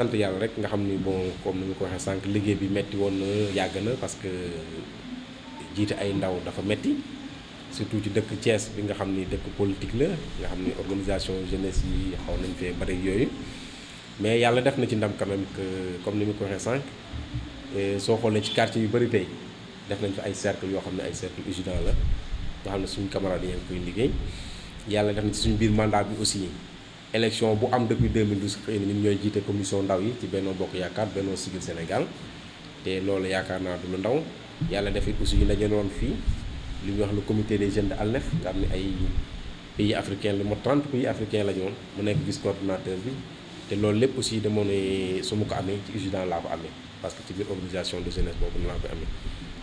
sant yàlla rek nga xam ni bon comme ni nga ko waxee sànq liggéey bi metti woon na yàgg na parce que jiite ay ndaw dafa metti surtout ci dëkk Thiès bi nga xam ni dëkk politique la nga xam ni organisation jeunesse yi xaw nañ fee bari yooyu mais yàlla def na ci ndam quand même comme ni ma ko waxee sànq eh, soo xoolee ci quartier yu bëri tey def nañ fa ay cercle yoo xam ne ay cercle étudiant la nga xam ne suñu camarades yi ngi koy liggéey yàlla def na ci suñu biir mandat bi aussi élection bu am depuis 2012 xëy na ñun ñooy jiite commission ndaw yi ci Benno Bokk Yaakaar Benno Siggil Sénégal te loolu yaakaar naa du lu ndaw yàlla def it aussi ñu daje noonu fii li ñuy wax le comité des jeunes de ALNEF nga xam ne ay pays africains la mo 30 pays africains la ñu mu nekk vice coordonnateur bi te loolu lépp aussi dama ne su ma ko amee ci UGIDAN laa ko amee parce que ci biir organisation de jeunesse boobu laa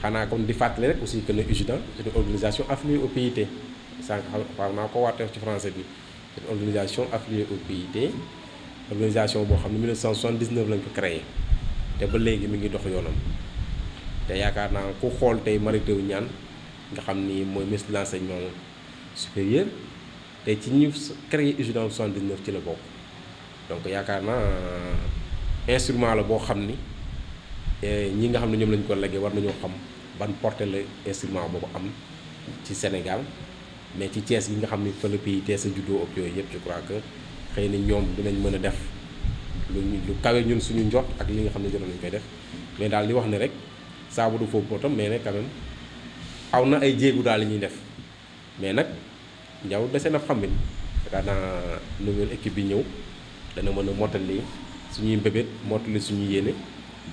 xanaa kon di fàttali rek aussi que ne UGIDAN c'est une organisation affiliée au PIT sànq xam naa ko waatee ci français bi. une organisation affiliée au PIT boo xam ne 1979 lañ ko créé te ba léegi mi ngi dox yoonam te yaakaar naa ku xool tey Mary Teuw Niane nga xam ni mooy ministre de l'enseignement supérieur te ci ñu créé UGDAM 79 ci la bokk donc yaakaar naa euh, instrument la boo xam ni ñi nga xam ne ñoom lañ ko léggee war nañoo xam ban portée la instrument boobu am ci Sénégal mais ci Thiès yi nga xam ni fa la pays Thiès a juddoo ak yooyu yëpp je crois que xëy na ñoom dinañ mën a def lu lu kawe ñun suñu njot ak li nga xam ne jotoon nañu koy def mais daal li wax ne rek saabu du foofu bootam mais ne aw na ay jéegu daal li ñuy def mais nag njaw dese na xam ne yaakaar naa nouvelle équipe bi ñëw dana mën a mottal mottali suñuy mbébét mottali suñu yéene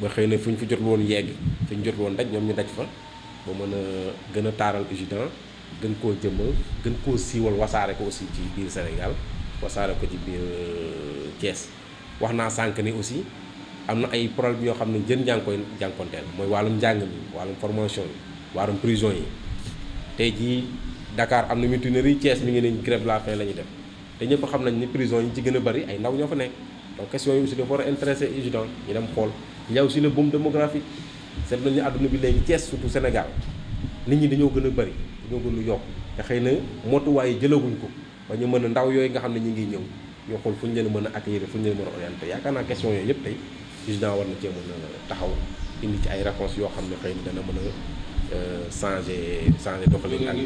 ba xëy na fu ñu fa jot woon yegg fu ñu jot woon daj ñoom ñu daj fa ba mën a gën a taaral Ugidan gën koo jëmmal gën koo siiwal wasaare ko aussi ci biir Sénégal wasaare ko ci biir euh, Thiès wax naa sànq ni aussi am na ay problème yoo xam ne jën jàng koy mooy wàllum njàng mi wàllum formation yi wàllum prison yi tey jii Dakar am na mutinerie Thiès mu ngi ne grève la faim la ñuy def te ñëpp xam nañ ni prison yi ci gën a bari ay ndaw ñoo fa nekk donc question yi aussi dafa war a intéresser ñu dem xool il y a aussi le boom démographique seet nañu àdduna bi léegi Thiès surtout Sénégal nit ñi dañoo gën a bëri ñoo gën yokk te xëy na motuwaay jëlaguñ ko ba ñu mën a ndaw yooyu nga xam ne ñu ngi ñëw ñu xool fu ñu leen mën a accueillir fu ñu leen mën a orienté yaakaar naa question yooyu yëpp tey président war na cee mën taxaw indi ci ay réponses yoo xam ne xëy na dana mën a euh, changer changer doxalin ak.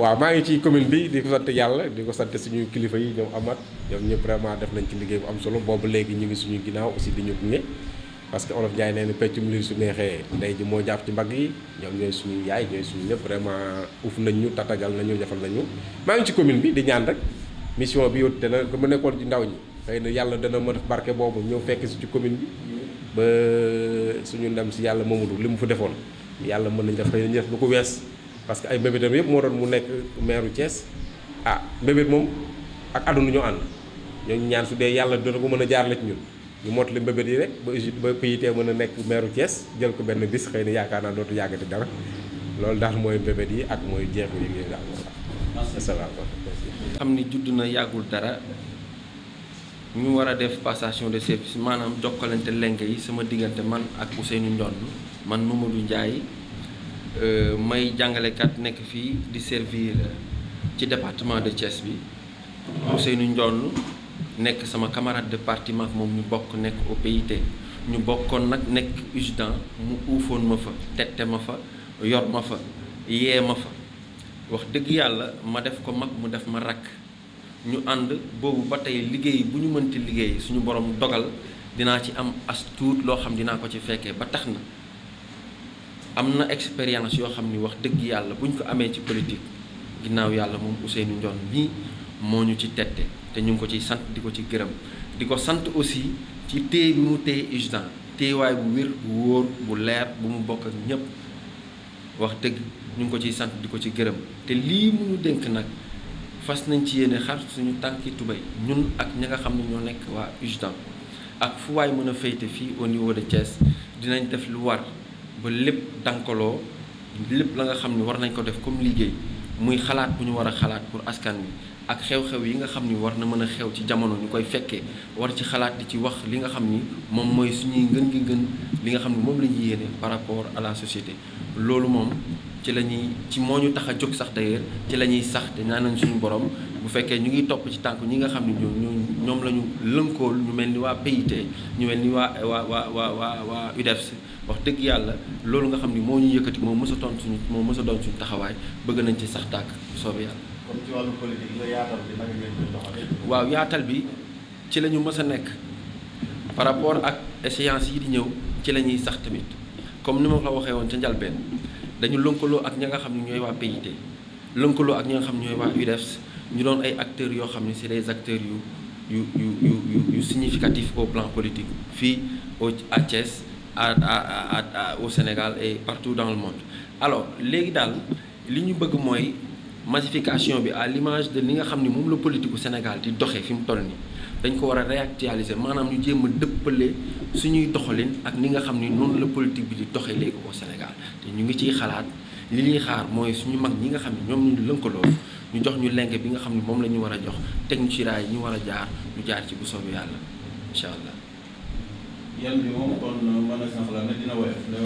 waaw maa ngi ci commune bi di ko sant yàlla di ko sant suñu kilifa yi ñoom amat ñoom ñëpp vraiment def nañ ci liggéey bu am solo boobu léegi ñu ngi suñu ginnaaw aussi di ñu gunge parce que olof Njaay nee na peccum liir su neexee ndey ji moo jàpp ci mbagg yi ñoom ñooy suñu yaay ñooy suñu lépp vraiment uf nañ ñu tatagal nañu defal nañu maa ngi ci commune bi di ñaan rek mission bi yót dana mu nekkoon ci ndaw ñi xëy na yàlla dana ma barke boobu ñëw fekk ci commune ba suñu ndam si yàlla Mamadou li mu fa defoon yàlla mën nañ def xëy nañ ko wees parce que ay mbébétam yëpp moo doon mu nekk maire cees ah mbébét moom ak àdduna ñoo ànd ñooñu ñaan su dee yàlla dana ko mën a jaarale ci ñun ñu mottali mbébét yi rek ba Égypte ba PIT mën a nekk meeru cees jël ko benn bis xëy na yaakaar naa dootu yàggati dara loolu daal mooy mbébét yi ak mooy jeexu yi ngeen daal voilà. asalaamaaleykum. ni judd na yàggul dara ñu war a def passation de service maanaam jokkalante leng yi sama diggante man ak seenu Ndonn man Mamadou Ndiaye euh, may jàngalekat nekk fii di servir ci département de Thiès bi Ousseynou Ndonn. nekk sama camarade de partiment moom ñu bokk nekk au PIT ñu bokkoon nag nekk UJDAN mu uufoon ma fa tette ma fa yor ma fa yee ma fa wax dëgg yàlla ma def ko mag mu def ma rakk ñu ànd boobu ba tey liggéey bu ñu mënti liggéey suñu borom dogal dinaa ci am as loo xam dinaa ko ci fekkee ba tax na am na expérience yoo xam ni wax dëgg yàlla bu ñu ko amee ci politique ginnaaw yàlla moom Ousseynou Ndione nii moo ñu ci tette te ñu ngi ko ciy sant di ko ci gërëm di ko sant aussi ci téye bi mu téye UJDAN téyewaay bu wér bu wóor bu leer bu mu bokk ak ñëpp wax dëgg ñu ngi ko ciy sant di ko ci gërëm te lii mu ñu dénk nag fas nañ ci yéene xar suñu tànki tubéy ñun ak ña nga xam ne ñoo nekk waa UJDAN ak fu waay mën a féyte fii au niveau de Thiès dinañ def lu war ba lépp dankaloo lépp la nga xam ne war nañ ko def comme liggéey muy xalaat bu ñu war a xalaat pour askan wi ak xew-xew yi nga xam ni war na mën a xew ci jamono ñu koy fekkee war ci xalaat di ci wax li nga xam ni moom mooy suñuy gën gi gën li nga xam ni moom la ñuy yéene par rapport à société loolu moom ci la ñuy ci moo ñu tax a jóg sax d'ailleurs ci la ñuy sax te nañ suñu borom bu fekkee ñu ngi topp ci tànk ñi nga xam ne ñoo ñoom la ñu lënkool ñu mel ni waa PIT ñu mel ni waa waa waa waa waa waa UDEPS wax dëgg yàlla loolu nga xam ni moo ñu yëkkati moo mës a doon suñu moo mës a doon taxawaay bëgg nañ ci sax tàkk soobee yàlla kon ci wàllu politique la waaw yaatal bi ci la ñu mës a nekk par rapport ak échéance yi di ñëw ci la ñuy sax tamit comme ni ma ko waxee woon ca njalbeen dañu lënkaloo ak ña nga xam ne ñooy waa PIT lënkaloo ak ña nga xam ne ñooy waa UDEFS ñu doon ay acteurs yoo xam ne c'est des acteurs yu yu yu yu yu significatifs au plan politique fii au à Thiès à à à au Sénégal et partout dans le monde alors léegi daal li ñu bëgg mooy. massification bi à l'image de li nga xam ni moom la politique u Sénégal di doxee fi mu toll nii dañ ko war a réactualiser maanaam ñu jéem a dëppale suñuy doxalin ak ni nga xam ni noonu la politique bi di doxee léegi au Sénégal te ñu ngi ciy xalaat li ñuy xaar mooy suñu mag ñi nga xam ne ñoom ñu lëkkaloo ñu jox ñu lenk bi nga xam ne moom la ñu war a jox teg ñu ci raay ñu war a jaar ñu jaar ci bu soobee yàlla incha allah. yan bi moom kon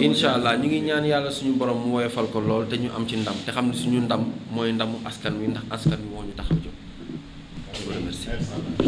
incha allah ñu ngi ñaan yàlla suñu borom mu woyofal ko lool te ñu am ci ndam te xam ni suñu ndam mooy ndamu askan wi ndax askan wi moo ñu tax a jóg. je vous